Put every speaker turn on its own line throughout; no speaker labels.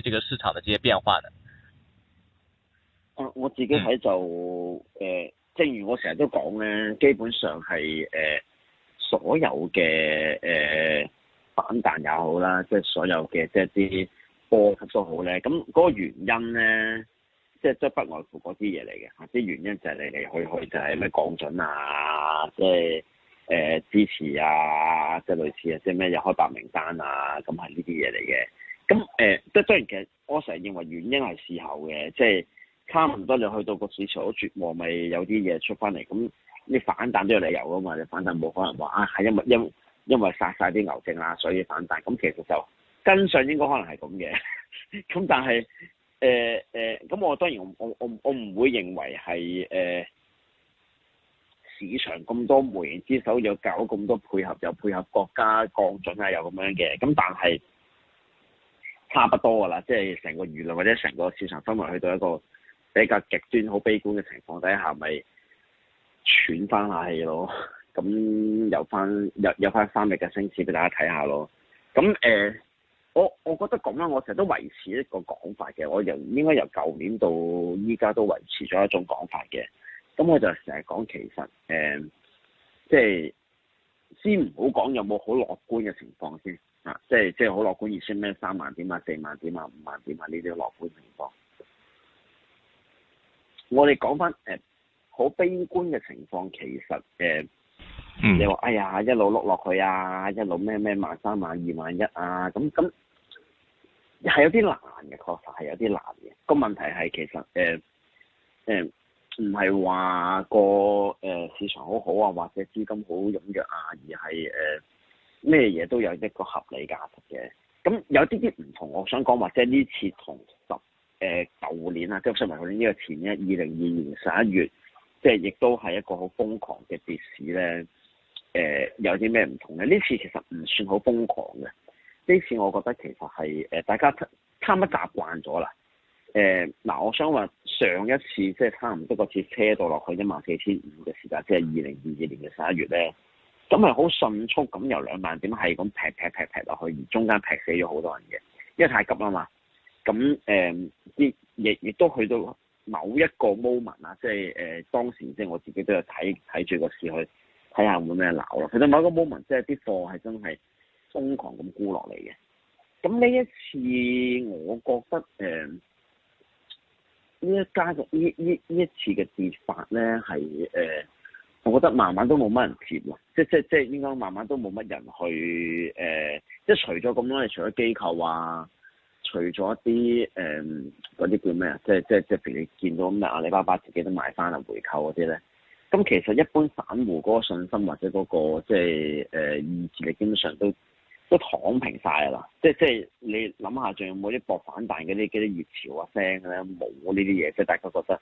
呢個市場的這些變化呢？
啊，我自己睇就誒、嗯呃，正如我成日都講咧，基本上係誒、呃、所有嘅誒反彈也好啦，即係所有嘅即係啲波級都好咧。咁、嗯、嗰、嗯、個原因咧，即係都不外乎嗰啲嘢嚟嘅。啲原因就係嚟嚟去去就係咩降準啊，即係誒、呃、支持啊，即係類似啊，即係咩又開白名單啊，咁係呢啲嘢嚟嘅。咁誒，即係當然，其實我成日認為原因係事後嘅，即係差唔多你去到個市場都絕望，咪有啲嘢出翻嚟。咁你反彈都有理由噶嘛？你反彈冇可能話啊，係因為因為因為殺晒啲牛證啦，所以反彈。咁其實就跟上應該可能係咁嘅。咁 但係誒誒，咁、呃呃、我當然我我我唔會認為係誒、呃、市場咁多門之手有搞咁多配合，又配合國家降準啊，又咁樣嘅。咁但係。差不多㗎啦，即係成個輿論或者成個市場氛圍去到一個比較極端、好悲觀嘅情況底下，咪喘翻下氣咯。咁、嗯、有翻有有翻三日嘅升市俾大家睇下咯。咁、嗯、誒、呃，我我覺得咁啦，我成日都維持一個講法嘅，我由應該由舊年到依家都維持咗一種講法嘅。咁、嗯、我就成日講其實誒、呃，即係先唔好講有冇好樂觀嘅情況先。啊，即係即係好樂觀，意思係咩三萬點啊、四萬點啊、五萬點啊呢啲樂觀情況。我哋講翻誒，好、呃、悲觀嘅情況，其實誒，呃嗯、你話哎呀一路碌落去啊，一路咩咩萬三萬二萬一啊，咁咁係有啲難嘅，確實係有啲難嘅。個問題係其實誒誒，唔係話個誒、呃、市場好好啊，或者資金好踴躍啊，而係誒。呃咩嘢都有一個合理價值嘅，咁有啲啲唔同。我想講，即係呢次同十誒舊年啊，即係上一年呢個前一二零二二年十一月，即係亦都係一個好瘋狂嘅跌市咧。誒、呃，有啲咩唔同咧？呢次其實唔算好瘋狂嘅，呢次我覺得其實係誒大家差唔多習慣咗啦。誒、呃、嗱，我想話上一次即係差唔多個次車到落去一萬四千五嘅時間，即係二零二二年嘅十一月咧。咁係好迅速咁由兩萬點係咁劈劈劈劈落去，而中間劈死咗好多人嘅，因為太急啦嘛。咁誒啲嘢亦都去到某一個 moment 啊、就是呃，即係誒當時即係我自己都有睇睇住個市去睇下會咩鬧咯。其實某一個 moment 即係啲貨係真係瘋狂咁沽落嚟嘅。咁呢一次我覺得誒呢、呃、一加局呢呢呢一次嘅跌法咧係誒。我覺得慢慢都冇乜人接啦，即即即應該慢慢都冇乜人去誒、呃，即係除咗咁啦，除咗機構啊，除咗一啲誒嗰啲叫咩啊，即係即係即係譬如你見到咁嘅阿里巴巴自己都買翻嚟回購嗰啲咧，咁、嗯、其實一般散戶嗰個信心或者嗰、嗰個即係誒、呃、意志力基本上都都躺平曬啦，即即係你諗下，仲有冇啲博反彈嗰啲嗰啲熱潮啊聲咧、啊？冇呢啲嘢，即係大家覺得。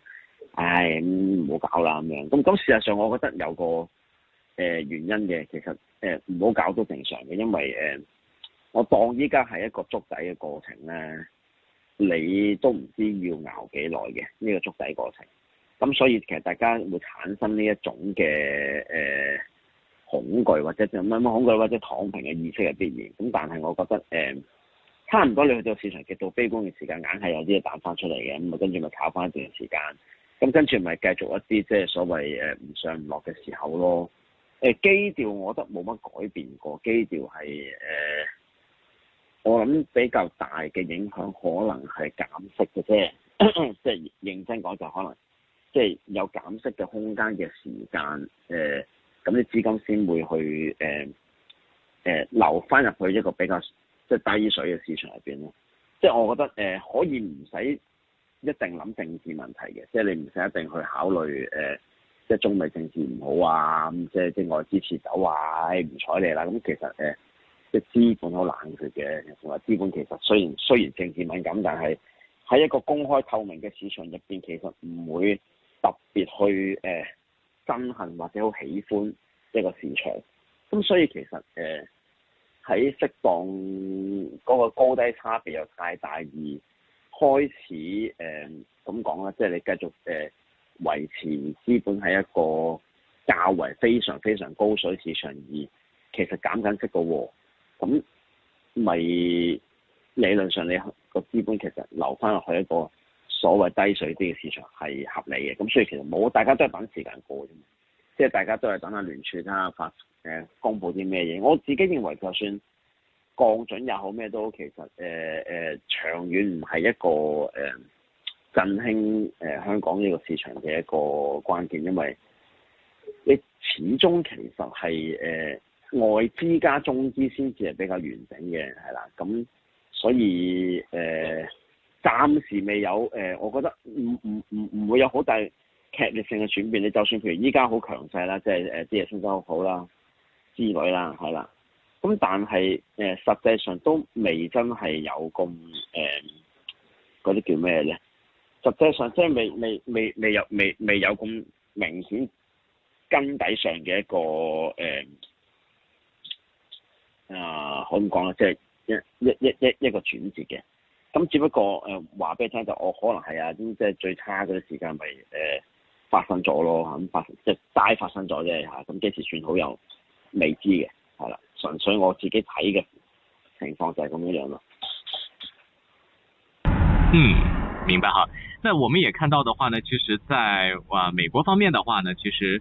唉，唔、嗯、好搞啦，咁樣咁咁。事實上，我覺得有個誒、呃、原因嘅，其實誒唔好搞都正常嘅，因為誒、呃、我當依家係一個築底嘅過程咧，你都唔知要熬幾耐嘅呢個築底過程。咁、嗯、所以其實大家會產生呢一種嘅誒、呃、恐懼，或者點乜乜恐懼，或者躺平嘅意識係必然。咁、嗯、但係我覺得誒、呃、差唔多，你去到市場極度悲觀嘅時間，硬係有啲嘢彈翻出嚟嘅，咁啊跟住咪炒翻一段時間。咁跟住咪繼續一啲即係所謂誒唔上唔落嘅時候咯。誒、呃、基調我覺得冇乜改變過，基調係誒我諗比較大嘅影響可能係減息嘅啫。即係、 就是、認真講就可能，即、就、係、是、有減息嘅空間嘅時間誒，咁啲資金先會去誒誒、呃呃、流返入去一個比較即係、就是、低水嘅市場入邊咯。即、就、係、是、我覺得誒、呃、可以唔使。一定諗政治問題嘅，即係你唔使一定去考慮誒，一、呃、中美政治唔好啊，咁即係即係外支持走啊，唔、哎、睬你啦。咁其實誒、呃，即係資本好冷血嘅，同埋資本其實雖然雖然政治敏感，但係喺一個公開透明嘅市場入邊，其實唔會特別去誒、呃、憎恨或者好喜歡一個市場。咁所以其實誒，喺、呃、適當嗰個高低差別又太大、大意。開始誒咁講啦，即係你繼續誒、呃、維持資本喺一個較為非常非常高水市場，而其實減緊息嘅喎，咁咪理論上你個資本其實流翻落去一個所謂低水啲嘅市場係合理嘅，咁所以其實冇，大家都係等時間過啫，即係大家都係等下聯儲啦，發、呃、誒公佈啲咩嘢，我自己認為就算。降準也好咩都好，其實誒誒、呃呃、長遠唔係一個誒、呃、振興誒、呃、香港呢個市場嘅一個關鍵，因為你始終其實係誒、呃、外資加中資先至係比較完整嘅，係啦，咁、嗯、所以誒、呃、暫時未有誒、呃，我覺得唔唔唔唔會有好大劇烈性嘅轉變。你就算譬如依家好強勢啦，即係誒啲嘢升得好好啦之類啦，係啦。咁但係誒、呃，實際上都未真係有咁誒，嗰啲叫咩咧？實際上即係未未未未有未未有咁明顯根底上嘅一個誒、呃啊、可唔可以講咧？即係一一一一一個轉折嘅。咁只不過誒、呃、話俾你聽，就我可能係啊，即係最差嗰啲時間咪誒發生咗咯，咁發即係齋發生咗啫嚇。咁幾時算好有未知嘅，係啦。純粹我自己睇嘅情況就係咁樣樣咯。嗯，
明白哈。那我們也看到的話呢，其實在啊、呃、美國方面的話呢，其實。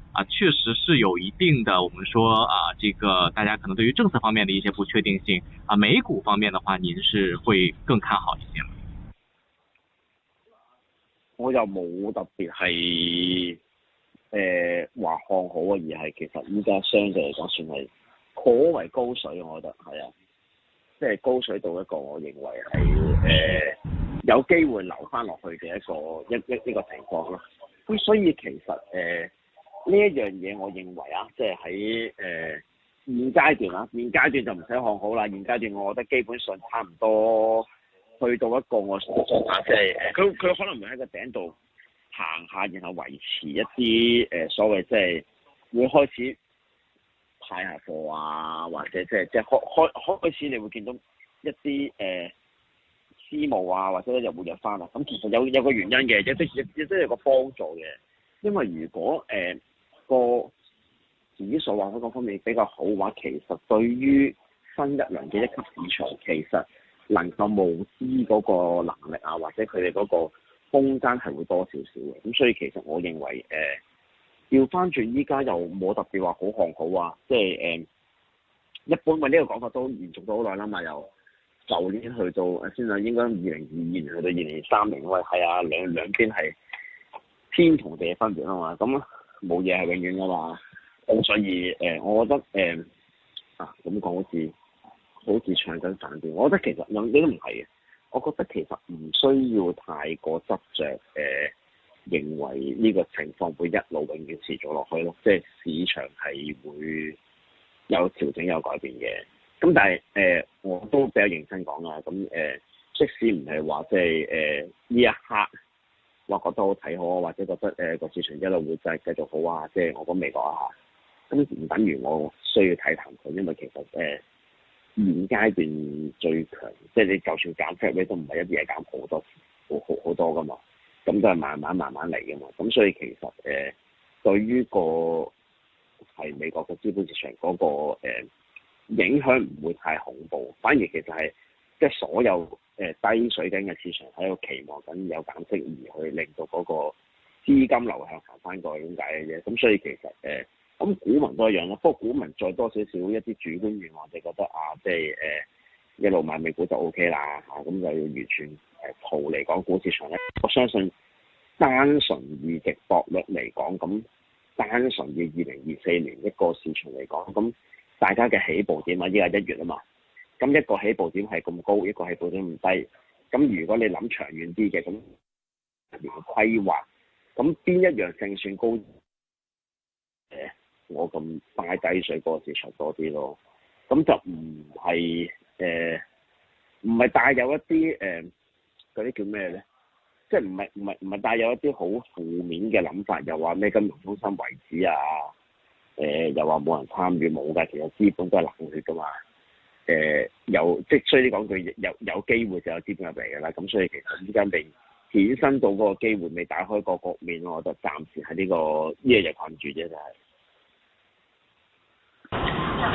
啊，確實是有一定的，我們說啊，這個大家可能對於政策方面的一些不確定性啊，美股方面的話，您是會更看好啲啊？
我又冇特別係誒是、呃、話看好啊，而係其實依家相對嚟講，算係頗為高水，我覺得係啊，即、就、係、是、高水到一個，我認為係誒、呃、有機會留翻落去嘅一個一一一,一個情況咯。咁所以其實誒。呃呢一樣嘢，我認為啊，即係喺誒現階段啊，現階段就唔使看好啦。現階段，我覺得基本上差唔多，去到一個我所，所即係佢佢可能會喺個頂度行下，然後維持一啲誒所謂即係會開始派下貨啊，或者即係即係開開開始你會見到一啲誒私募啊，或者咧又活躍翻啦、啊。咁其實有有個原因嘅，亦都有有啲有個幫助嘅，因為如果誒。呃個指數或者各方面比較好嘅話，其實對於新一輪嘅一級市場，其實能夠募資嗰個能力啊，或者佢哋嗰個空間係會多少少嘅。咁、嗯、所以其實我認為誒，調翻轉依家又冇特別話好看好，好啊，即係誒、呃，一般嘅呢個講法都延續咗好耐啦嘛。由舊年去到，啊，先生應該二零二二年去到二零二三年，喂，係啊，兩兩邊係天同地嘅分別啊嘛，咁。冇嘢係永遠㗎嘛，咁所以誒、呃，我覺得誒、呃、啊，咁講好似好似唱緊反調，我覺得其實有，你都唔係嘅。我覺得其實唔需要太過執着，誒、呃，認為呢個情況會一路永遠持續落去咯，即係市場係會有調整有改變嘅。咁但係誒、呃，我都比較認真講啦，咁、呃、誒，即使唔係話即係誒呢一刻。我覺得好睇好啊，或者覺得誒個、呃、市場一路會再繼續好啊，即係我講美國啊嚇，咁唔等於我需要睇淡佢，因為其實誒現、呃、階段最強，即係你就算減息咧，都唔係一啲嘢減好多，好好好多㗎嘛，咁都係慢慢慢慢嚟㗎嘛，咁所以其實誒、呃、對於個係美國嘅資本市場嗰、那個、呃、影響唔會太恐怖，反而其實係即係所有。即低水準嘅市場喺度期望緊有減息而去令到嗰個資金流向行翻過去點解嘅嘢。咁所以其實誒，咁、呃、股民都一樣啦。不過股民再多少少一啲主觀願望，就覺得啊，即係誒、呃、一路買美股就 OK 啦嚇，咁、啊、就要完全誒、呃、逃離港股市場咧。我相信單純以值博率嚟講，咁單純以二零二四年一個市場嚟講，咁大家嘅起步點咪依家一月啊嘛。咁一個起步點係咁高，一個起步點咁低。咁如果你諗長遠啲嘅，咁年嘅規劃，咁邊一樣勝算高？誒、欸，我咁拜低水嗰個市場多啲咯。咁就唔係誒，唔、欸、係帶有一啲誒嗰啲叫咩咧？即係唔係唔係唔係帶有一啲好負面嘅諗法，又話咩金融中心位置啊？誒、欸，又話冇人參與冇㗎，其實資本都係冷血㗎嘛。誒、呃、有即所以講句有有機會就有資金入嚟嘅啦。咁所以其實依家未顯身到嗰個機會，未打開個局面我就得暫時喺呢、這個一、這個、日困住啫，就係。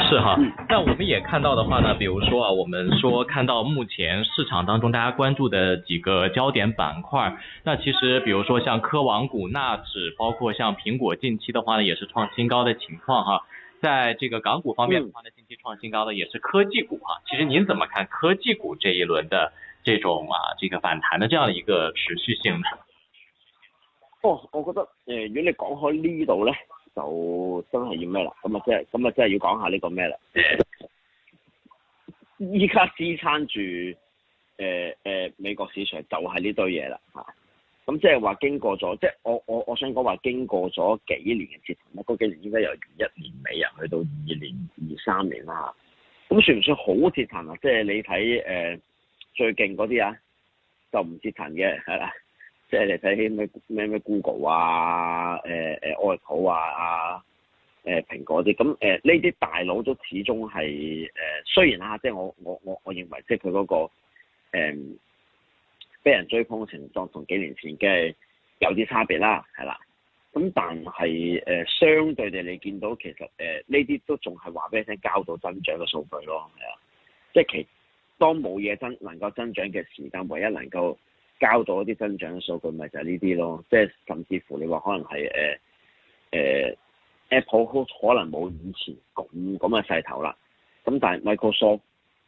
是哈，但我們也看到的話呢，比如說啊，我們說看到目前市場當中大家關注的幾個焦點板塊，那其實比如說像科網股、納指，包括像蘋果近期的話呢，也是創新高的情況哈、啊。在這個港股方面的話，近期創新高的也是科技股啊。其實您怎麼看科技股這一輪的這種啊，這個反彈的這樣的一個持續性呢？
哦，我覺得誒、呃，如果你講開呢度呢，就真係要咩啦，咁啊即係，咁啊即係要講下呢個咩啦。依家支撐住誒誒美國市場就係呢堆嘢啦吓。啊咁即係話經過咗，即、就、係、是、我我我想講話經過咗幾年嘅折騰啦，嗰幾年應該由二一年尾呀去到二年二三年啦咁，嗯、算唔算好折騰？就是呃騰就是，啊？即係你睇誒最勁嗰啲啊，就唔折騰嘅係啦，即係你睇咩咩咩 Google 啊，誒誒 Apple 啊，誒蘋果啲咁誒呢啲大佬都始終係誒、呃、雖然嚇，即、就、係、是、我我我我認為即係佢嗰個、呃俾人追捧嘅情況同幾年前嘅有啲差別啦，係啦。咁但係誒、呃，相對地，你見到其實誒呢啲都仲係話俾你聽交到增長嘅數據咯，係啊。即係其當冇嘢增能夠增長嘅時間，唯一能夠交到一啲增長嘅數據，咪就係呢啲咯。即係甚至乎你話可能係誒誒 Apple 可能冇以前咁咁嘅勢頭啦。咁但係 Mic Microsoft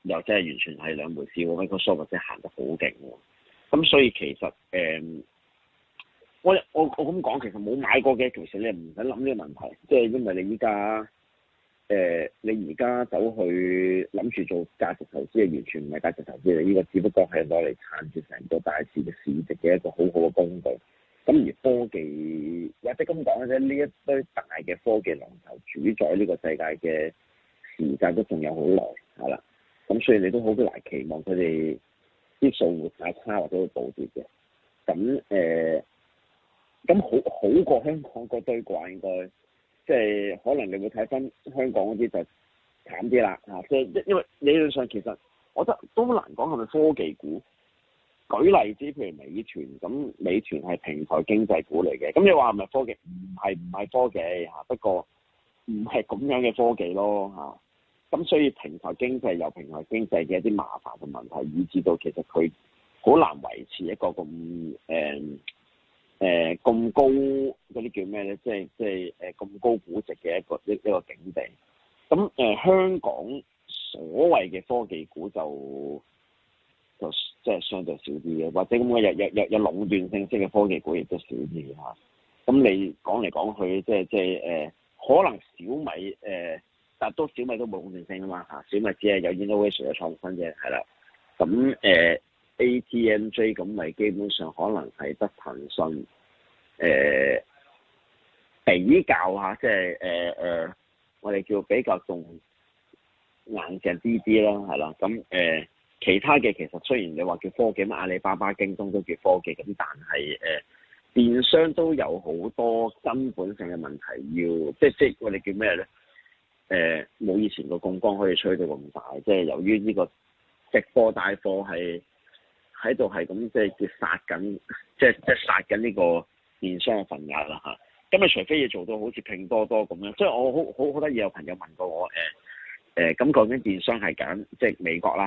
又真係完全係兩回事喎。Microsoft 即係行得好勁喎。咁、嗯、所以其實誒、嗯，我我我咁講，其實冇買過嘅。其實你唔使諗呢個問題，即係因為你依家誒，你而家走去諗住做價值投資，係完全唔係價值投資，你呢個只不過係攞嚟撐住成個大市嘅市值嘅一個好好嘅工具。咁而科技或者咁講嘅啫，呢一堆大嘅科技龍頭主宰呢個世界嘅時間都仲有好耐，係啦。咁所以你都好難期望佢哋。啲數戶太差或者會暴跌嘅，咁誒，咁、呃、好好過香港嗰堆啩，應該，即係可能你會睇翻香港嗰啲就慘啲啦嚇，即係因為理論上其實，我覺得都好難講係咪科技股，舉例子譬如美團，咁美團係平台經濟股嚟嘅，咁你話係咪科技？唔係唔係科技嚇、啊，不過唔係咁樣嘅科技咯嚇。啊咁所以平台經濟有平台經濟嘅一啲麻煩同問題，以致到其實佢好難維持一個咁誒誒咁高嗰啲叫咩咧？即係即係誒咁高估值嘅一個一個一個境地。咁誒、呃、香港所謂嘅科技股就就即係相對少啲嘅，或者咁嘅有有有有壟斷性式嘅科技股亦都少啲嚇。咁你講嚟講去即係即係誒，可能小米誒。呃但都小米都冇穩定性啊嘛嚇，小米只係有 innovation 嘅創新啫，係啦。咁誒、呃、ATMJ 咁咪基本上可能係得騰訊誒、呃、比較下，即係誒誒我哋叫比較重硬件啲啲啦，係啦。咁誒、呃、其他嘅其實雖然你話叫科技乜阿里巴巴、京東都叫科技嗰啲，但係誒、呃、電商都有好多根本性嘅問題要，即即我哋叫咩咧？誒冇、呃、以前個槓桿可以吹到咁大，即係由於呢個直播帶貨係喺度係咁，即係叫殺緊，即係即係殺緊呢個電商嘅份額啦嚇。咁啊、嗯，除非要做到好似拼多多咁樣，即係我好好好得意有朋友問過我誒誒，咁、呃嗯、究竟電商係揀即係美國啦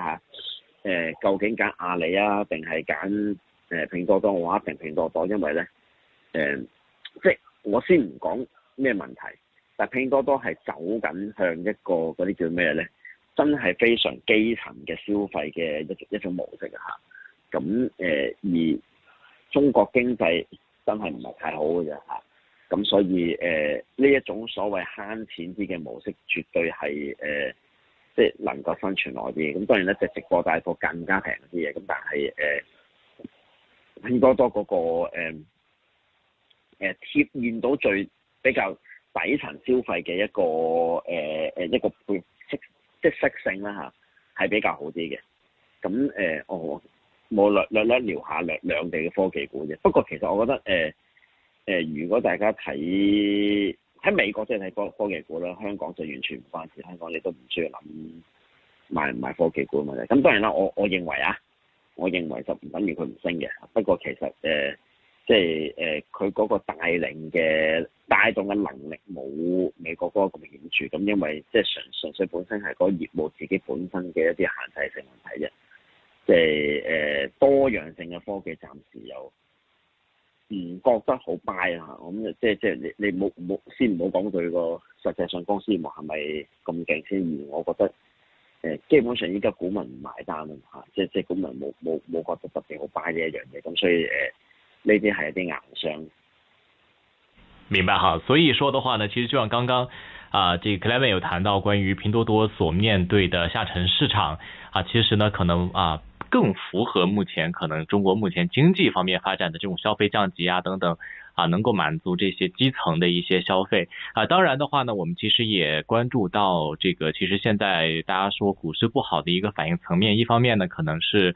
嚇，誒、啊、究竟揀阿里啊，定係揀誒拼多多嘅話，定拼多多？因為咧誒、嗯，即係我先唔講咩問題。但拼多多係走緊向一個嗰啲叫咩咧？真係非常基層嘅消費嘅一一種模式啊！嚇，咁誒、呃、而中國經濟真係唔係太好嘅啫嚇，咁所以誒呢、呃、一種所謂慳錢啲嘅模式，絕對係誒、呃、即係能夠生存耐啲。咁當然咧，就直播帶貨更加平啲嘢。咁但係誒、呃、拼多多嗰、那個誒誒、呃呃、貼現到最比較。底層消費嘅一個誒誒、呃、一個配息即息性啦嚇，係比較好啲嘅。咁誒、呃哦，我我略略略聊下兩兩地嘅科技股啫。不過其實我覺得誒誒、呃呃，如果大家睇喺、呃呃、美國即係睇科科技股啦，香港就完全唔關事，香港你都唔需要諗賣唔賣科技股問題。咁當然啦，我我認為啊，我認為就唔等於佢唔升嘅。不過其實誒。呃即係誒，佢、呃、嗰個帶領嘅帶動嘅能力冇美國嗰個咁顯著，咁、嗯、因為即係純純粹本身係個業務自己本身嘅一啲限制性問題啫。即係誒、呃，多樣性嘅科技暫時又唔覺得好 buy 啊、嗯！咁即即係你你冇冇先唔好講佢個實際上公司業務係咪咁勁先，而我覺得誒、呃，基本上依家股民唔買單啊！嚇，即即股民冇冇冇覺得特別好 buy 嘅一樣嘢，咁、嗯、所以誒。呃呢啲係一啲硬傷。
明白哈，所以說的話呢，其實就像剛剛，啊、呃，這個克萊文有談到關於拼多多所面對的下沉市場，啊，其實呢可能啊，更符合目前可能中國目前經濟方面發展的這種消費降級啊等等，啊，能夠滿足這些基層的一些消費。啊，當然的話呢，我們其實也關注到這個，其實現在大家說股市不好的一個反應層面，一方面呢可能是。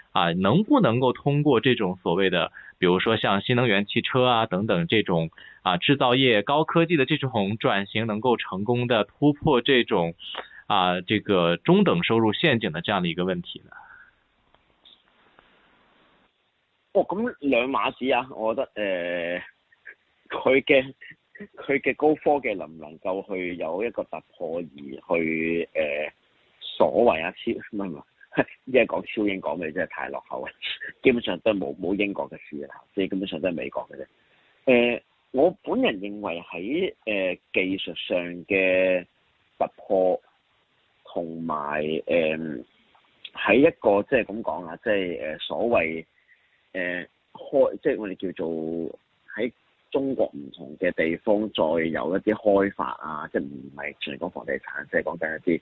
啊，能不能夠通過這種所謂的，比如說像新能源汽車啊等等這種啊製造業高科技的這種轉型，能夠成功的突破這種啊這個中等收入陷阱的這樣的一個問題呢？
哦，咁兩碼事啊，我覺得誒，佢嘅佢嘅高科技能唔能夠去有一個突破，而去誒、呃、所謂啊超，是依家講超英講嘅真係太落後啊！ 基本上都係冇冇英國嘅事啊，即係基本上都係美國嘅啫。誒、呃，我本人認為喺誒、呃、技術上嘅突破，同埋誒喺一個即係咁講啊，即係誒所謂誒、呃、開，即係我哋叫做喺中國唔同嘅地方再有一啲開發啊，即係唔係全講房地產，即係講真一啲。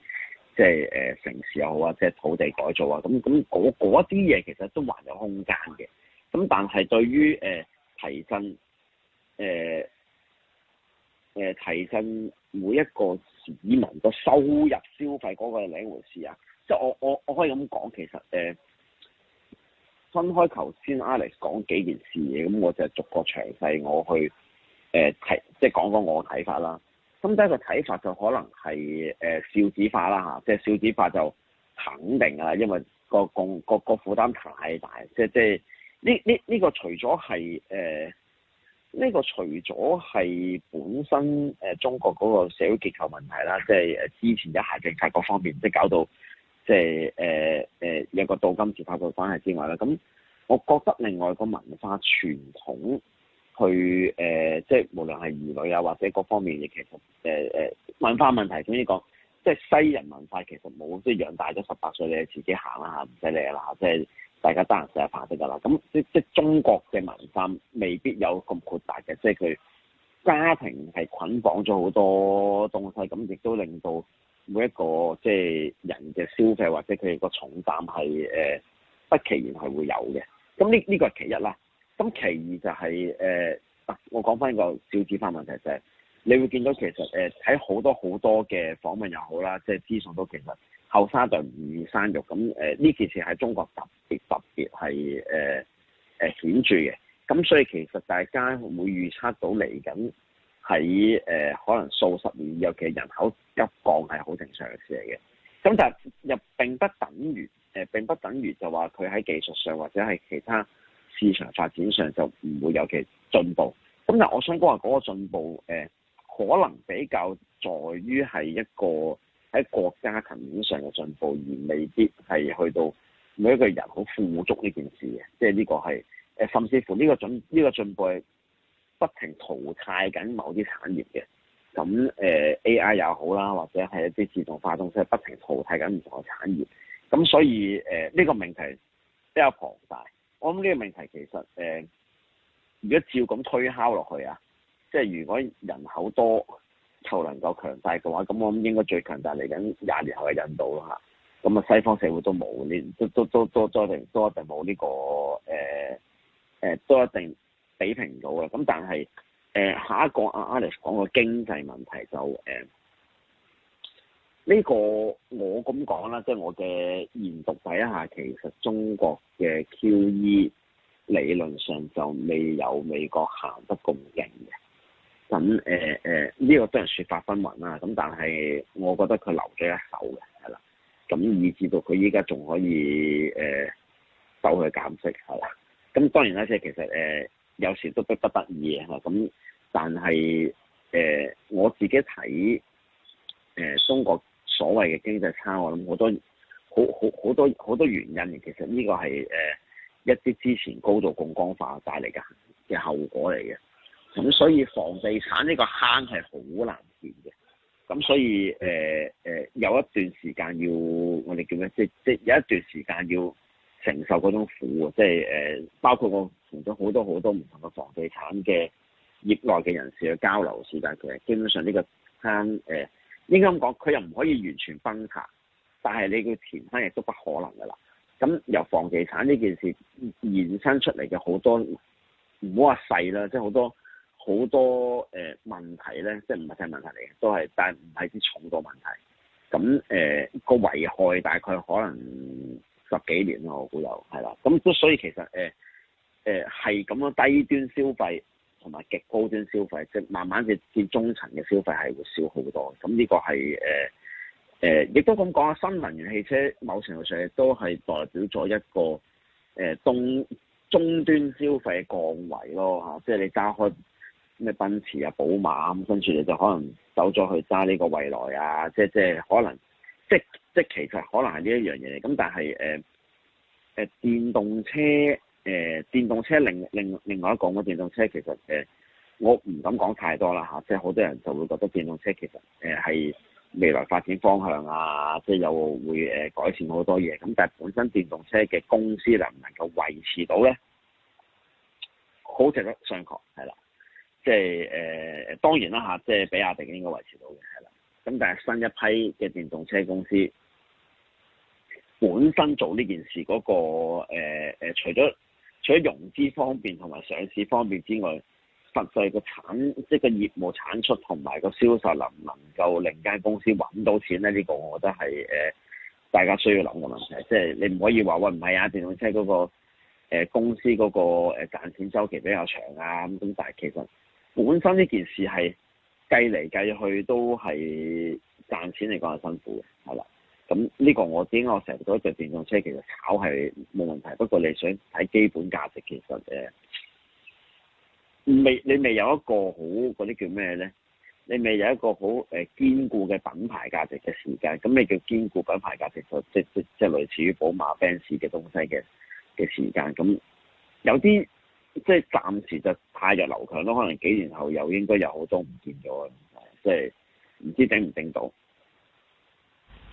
即係誒、呃、城市又好啊，即係土地改造啊，咁咁嗰一啲嘢其實都還有空間嘅。咁但係對於誒、呃、提振誒誒提振每一個市民個收入消費嗰個係另一回事啊。即係我我我可以咁講，其實誒、呃、分開頭先 Alex 講幾件事嘢，咁我就逐個詳細我去誒、呃、提，即係講講我嘅睇法啦。咁第一個睇法就可能係誒、呃、少子化啦嚇，即係少子化就肯定啊，因為個共個個負擔太大，即係即係呢呢呢個除咗係誒呢個除咗係本身誒、呃、中國嗰個社會結構問題啦，即係誒之前一系列政策各方面即係搞到即係誒誒一個倒金字塔嘅關係之外啦，咁我覺得另外個文化傳統。去誒、呃，即係無論係兒女啊，或者各方面，嘅其實誒誒、呃、文化問題，總之講，即係西人文化其實冇，即係養大咗十八歲，你係自己行啦嚇，唔使理啦，即係大家得閒食下飯得噶啦。咁、嗯、即即係中國嘅文化未必有咁闊大嘅，即係佢家庭係捆綁咗好多東西，咁、嗯、亦都令到每一個即係人嘅消費或者佢個重擔係誒不其然係會有嘅。咁呢呢個係、這個、其一啦。咁其二就係、是、誒、呃，我講翻個少子化問題就係、是，你會見到其實誒，喺、呃、好多好多嘅訪問又好啦，即係資訊都其實後生就唔願生育，咁誒呢件事喺中國特別特別係誒誒顯著嘅。咁、嗯、所以其實大家會,會預測到嚟緊喺誒可能數十年尤其係人口急降係好正常嘅事嚟嘅。咁、嗯、但又並不等於誒、呃、並不等於就話佢喺技術上或者係其他。市場發展上就唔會有其進步，咁但我想講話嗰個進步，誒、呃、可能比較在於係一個喺國家層面上嘅進步，而未必係去到每一個人好富足呢件事嘅，即係呢個係誒、呃，甚至乎呢個進呢個進步係不停淘汰緊某啲產業嘅，咁誒、呃、A I 又好啦，或者係一啲自動化東西，不停淘汰緊唔同嘅產業，咁所以誒呢、呃呢個命題比較龐大。我諗呢個問題其實誒、呃，如果照咁推敲落去啊，即係如果人口多、球能夠強大嘅話，咁我諗應該最強大嚟緊廿年後嘅印度咯嚇。咁啊、嗯，西方社會都冇呢，都都都都都一定都一定冇呢、這個誒誒、呃呃，都一定比平到啦。咁、嗯、但係誒、呃，下一個阿、啊、Alex 講個經濟問題就誒。呃呢個我咁講啦，即、就、係、是、我嘅研讀底下，其實中國嘅 QE 理論上就未有美國行得咁勁嘅。咁誒誒，呢、呃呃這個都係説法紛紛啦。咁但係我覺得佢留咗一手嘅，係啦。咁以至到佢依家仲可以誒走去減息，係啦。咁、嗯、當然啦，即係其實誒、呃、有時都逼不得已啊。咁但係誒、呃、我自己睇誒中國。所謂嘅經濟差，我諗好，好，好，好多，好好好多好多原因其實呢個係誒、呃、一啲之前高度槓桿化帶嚟嘅嘅後果嚟嘅。咁、嗯、所以房地產呢個坑係好難填嘅。咁、嗯、所以誒誒、呃呃、有一段時間要我哋叫咩？即即有一段時間要承受嗰種苦啊！即係誒、呃，包括我同咗好多好多唔同嘅房地產嘅業內嘅人士去交流時間嘅，基本上呢個坑。誒、呃。應該咁講，佢又唔可以完全崩塌，但係你叫填返亦都不可能噶啦。咁、嗯、由房地產呢件事延伸出嚟嘅好多，唔好話細啦，即係好多好多誒、呃、問題咧，即係唔係細問題嚟嘅，都係，但係唔係啲重度問題。咁誒個危害大概可能十幾年咯，我估有係啦。咁都、嗯、所以其實誒誒係咁樣低端消費，同埋極高端消費，即係慢慢嘅見中層嘅消費係會少好多，咁呢個係誒誒，亦都咁講啊！新能源汽車某程度上亦都係代表咗一個誒終終端消費降維咯嚇、啊，即係你揸開咩奔馳啊、寶馬咁、啊，跟住你就可能走咗去揸呢個蔚來啊，即係即係可能即即其實可能係呢一樣嘢嚟，咁但係誒誒電動車。誒，電動車另另另外一講嘅電動車，其實誒，我唔敢講太多啦吓，即係好多人就會覺得電動車其實誒係未來發展方向啊，即係又會誒改善好多嘢，咁但係本身電動車嘅公司能唔能夠維持到咧？好值得商榷係啦，即係誒當然啦吓，即係比亞迪應該維持到嘅係啦，咁但係新一批嘅電動車公司本身做呢件事嗰個誒誒，除咗除咗融資方便同埋上市方便之外，實際個產即係個業務產出同埋個銷售能唔能夠令間公司揾到錢咧？呢、這個我覺得係誒、呃，大家需要諗嘅問題，即係你唔可以話喂唔係啊，電動車嗰、那個、呃、公司嗰個誒賺錢週期比較長啊咁，但係其實本身呢件事係計嚟計去都係賺錢嚟講係辛苦嘅，係啦。咁呢個我知，我成日都着電動車，其實炒係冇問題。不過你想睇基本價值，其實誒，未你未有一個好嗰啲叫咩咧？你未有一個好誒堅、呃、固嘅品牌價值嘅時間，咁你叫堅固品牌價值就即即即係類似於寶馬、Benz 嘅東西嘅嘅時間。咁、嗯、有啲即係暫時就太弱流強咯，可能幾年後又應該有好多唔見咗，即係唔知頂唔頂到。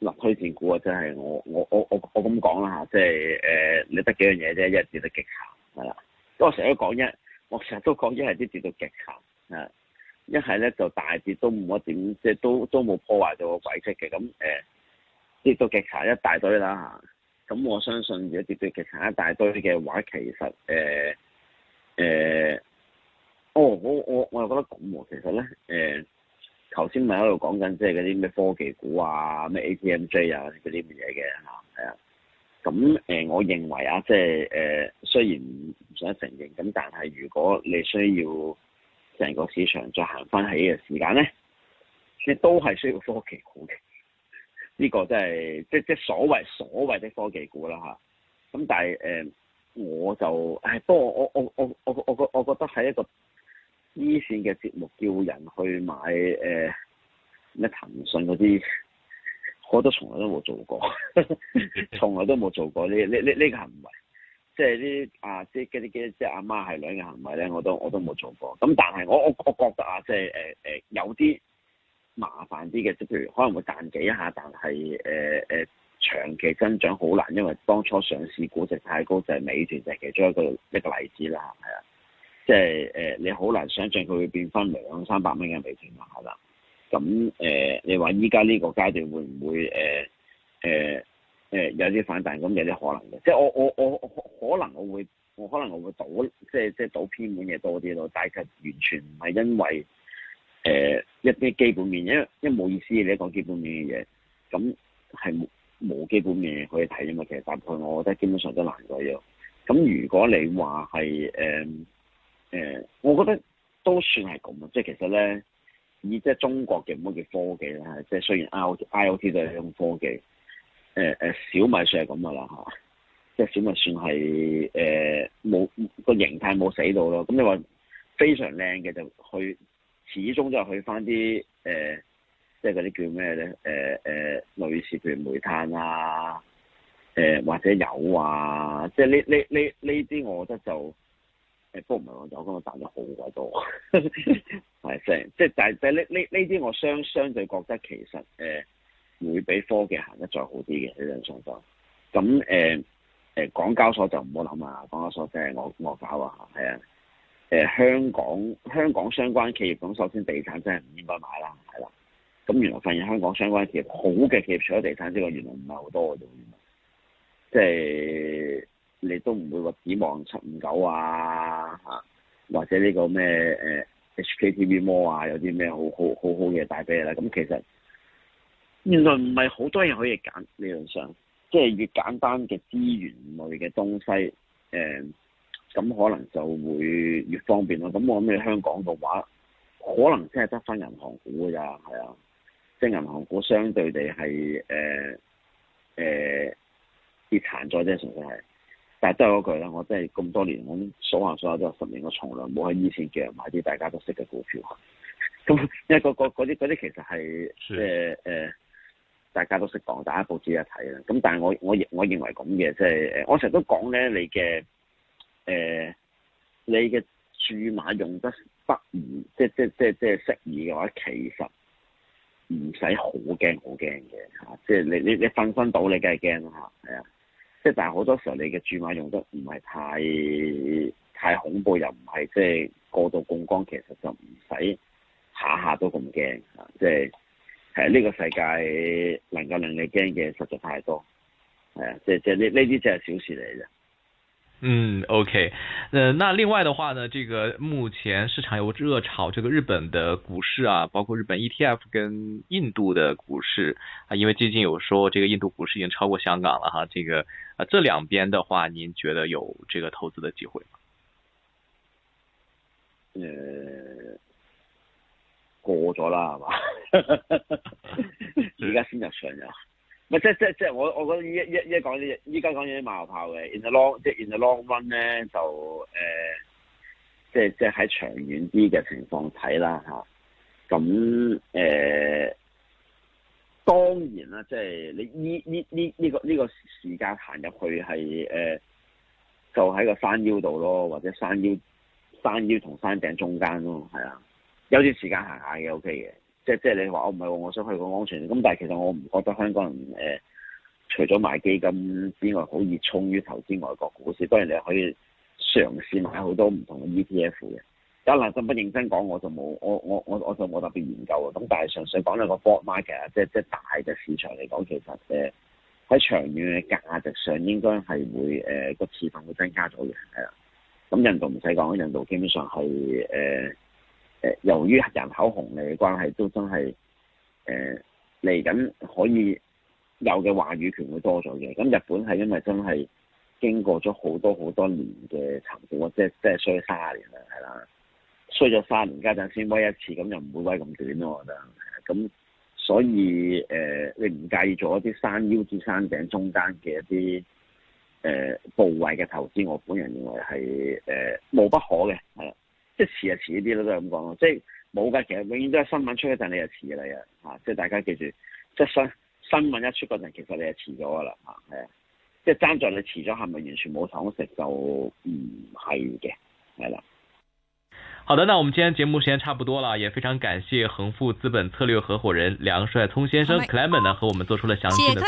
嗱，推薦股啊，真、就、係、是、我我我我我咁講啦嚇，即係誒你得幾樣嘢啫，一係跌到極慘，係啦，因為成日都講一，我成日都講一係啲跌到極慘，啊，一係咧就大跌都冇乜點，即係都都冇破壞到個軌跡嘅，咁誒跌到極慘一大堆啦嚇，咁、啊啊啊啊啊、我相信如果跌到極慘一大堆嘅話，其實誒誒，哦、啊，我我我又覺得咁喎，其實咧誒。頭先咪喺度講緊，即係嗰啲咩科技股啊，咩 ATMJ 啊嗰啲咁嘢嘅嚇，係啊。咁誒、呃，我認為啊，即係誒、呃，雖然唔想承認，咁但係如果你需要成個市場再行翻起嘅時間咧，你都係需要科技股嘅。呢、這個真、就、係、是，即、就、即、是就是、所謂所謂的科技股啦嚇。咁、啊、但係誒、呃，我就誒、哎，不過我我我我我我覺我覺得係一個。依線嘅節目叫人去買誒咩騰訊嗰啲，我都從來都冇做過，從 來都冇做過呢呢呢呢個行為，即係啲啊即係啲即係阿媽係女嘅行為咧，我都我都冇做過。咁但係我我我覺得啊，即係誒誒有啲麻煩啲嘅，即譬如可能會彈幾下，但係誒誒長期增長好難，因為當初上市估值太高，就係、美團就係、其中一個一個例子啦，係啊。即係誒、呃，你好難想象佢會變翻兩三百蚊嘅水平下啦。咁、嗯、誒、呃，你話依家呢個階段會唔會誒誒誒有啲反彈？咁有啲可能嘅。即係我我我可能我會，我可能我會賭，即係即係賭偏門嘅多啲咯。但係佢完全唔係因為誒、呃、一啲基本面，因為一冇意思你一講基本面嘅嘢，咁係冇基本面嘢可以睇啊嘛。其實大概我覺得基本上都難到樣。咁如果你話係誒，呃誒、呃，我覺得都算係咁啊，即係其實咧，以即係中國嘅唔好叫科技啦，即係雖然 T, I O T 都係一種科技，誒、呃、誒、呃，小米算係咁噶啦吓，即係小米算係誒冇個形態冇死到咯，咁你話非常靚嘅就去，始終都係去翻啲誒，即係嗰啲叫咩咧？誒、呃、誒、呃，類似譬如煤炭啊，誒、呃、或者油啊，即係呢呢呢呢啲，我覺得就。波唔係我做，咁我賺咗好鬼多，係即係即係，但係但係呢呢呢啲我相相對覺得其實誒、呃、會比科技行得再好啲嘅，理論上就咁誒誒，港交所就唔好諗啊，港交所即係我我搞啊，係、呃、啊，誒香港香港相關企業咁，首先地產真係唔應該買啦，係啦、啊，咁原來發現香港相關企業好嘅企業除咗地產之外，這個、原來唔係好多嘅，即係、啊。就是你都唔會話指望七五九啊，嚇、啊、或者呢個咩誒 HKTV Mall 啊，有啲咩好好，好好好好嘅帶俾你咁、嗯，其實原來唔係好多嘢可以揀，理論上即係越簡單嘅資源類嘅東西誒，咁、呃、可能就會越方便咯。咁、嗯、我諗你香港嘅話，可能真係得翻銀行股㗎咋，係啊，即、就、係、是、銀行股相對地係誒誒殘咗啫，純粹係。呃但係都係嗰句啦，我真係咁多年，我數下數下都有十年我從來冇喺以前嘅買啲大家都識嘅股票，咁因為嗰啲啲其實係即係誒，大家都識講，大家報紙一睇啦。咁但係我我認我認為咁嘅，即係誒，我成日都講咧，你嘅誒、呃，你嘅注碼用得不宜，即係即係即係即係適宜嘅話，其實唔使好驚好驚嘅嚇，即係你你你分分到你梗係驚啦嚇，係啊。即係，但係好多時候，你嘅注碼用得唔係太太恐怖，又唔係即係過度槓桿，其實就唔使下下都咁驚啊！即係係呢個世界能夠令你驚嘅，實在太多，係啊！即係即係呢呢啲，就係
小事嚟嘅。嗯，OK，誒、呃，那另外的話呢，這個目前市場有熱炒，這個日本的股市啊，包括日本 ETF 跟印度的股市，啊，因為最近有說這個印度股市已經超過香港了哈，這個啊，這兩邊的話，您覺得有這個投資的機會嗎？誒、呃，過咗啦，係嘛？
而家先着數先啊。 咪即係即即即係我我覺得依一一,一講依依家講依啲馬後炮嘅，in the long 即係 in the long run 咧就誒、呃，即係即係喺長遠啲嘅情況睇啦吓，咁、啊、誒、呃、當然啦，即係你依呢，呢依、呢個依、呢個時間行入去係誒、呃，就喺個山腰度咯，或者山腰山腰同山頂中間咯，係啊，有啲時間行下嘅 OK 嘅。即即係你話我唔係我想去講安全。咁但係其實我唔覺得香港人誒、呃，除咗買基金之外，好熱衷於投資外國股市。當然你可以嘗試買好多唔同嘅 ETF 嘅。但係難得不認真講，我就冇我我我我就冇特別研究。咁但係純粹講咧，個 board market 嘅即即大嘅市場嚟講，其實誒喺、呃、長遠嘅價值上應該係會誒個市份會增加咗嘅。係啦，咁印度唔使講，印度基本上係誒。呃由於人口紅利嘅關係，都真係誒嚟緊可以有嘅話語權會多咗嘅。咁日本係因為真係經過咗好多好多年嘅沉澱，或者即係衰咗三年啦，係啦，衰咗三年家陣先威一次，咁又唔會威咁短咯。我覺得，咁、嗯、所以誒、呃，你唔介意做一啲山腰至山頂中間嘅一啲誒、呃、部位嘅投資，我本人認為係誒、呃、無不可嘅，係啦。即係遲啊，遲啲咯，都係咁講咯。即係冇噶，其實永遠都係新聞出一陣，你就遲噶啦，吓、啊。即係大家記住，即係新新聞一出嗰陣，其實你就遲咗噶啦，係啊。即係爭在你遲咗係咪完全冇糖食就唔係嘅，係啦。嗯、
的好的，那我們今天節目時間差不多啦，也非常感謝恒富資本策略合伙人梁帥聰先生 Clayman 呢，嗯、和我們做出了詳細的。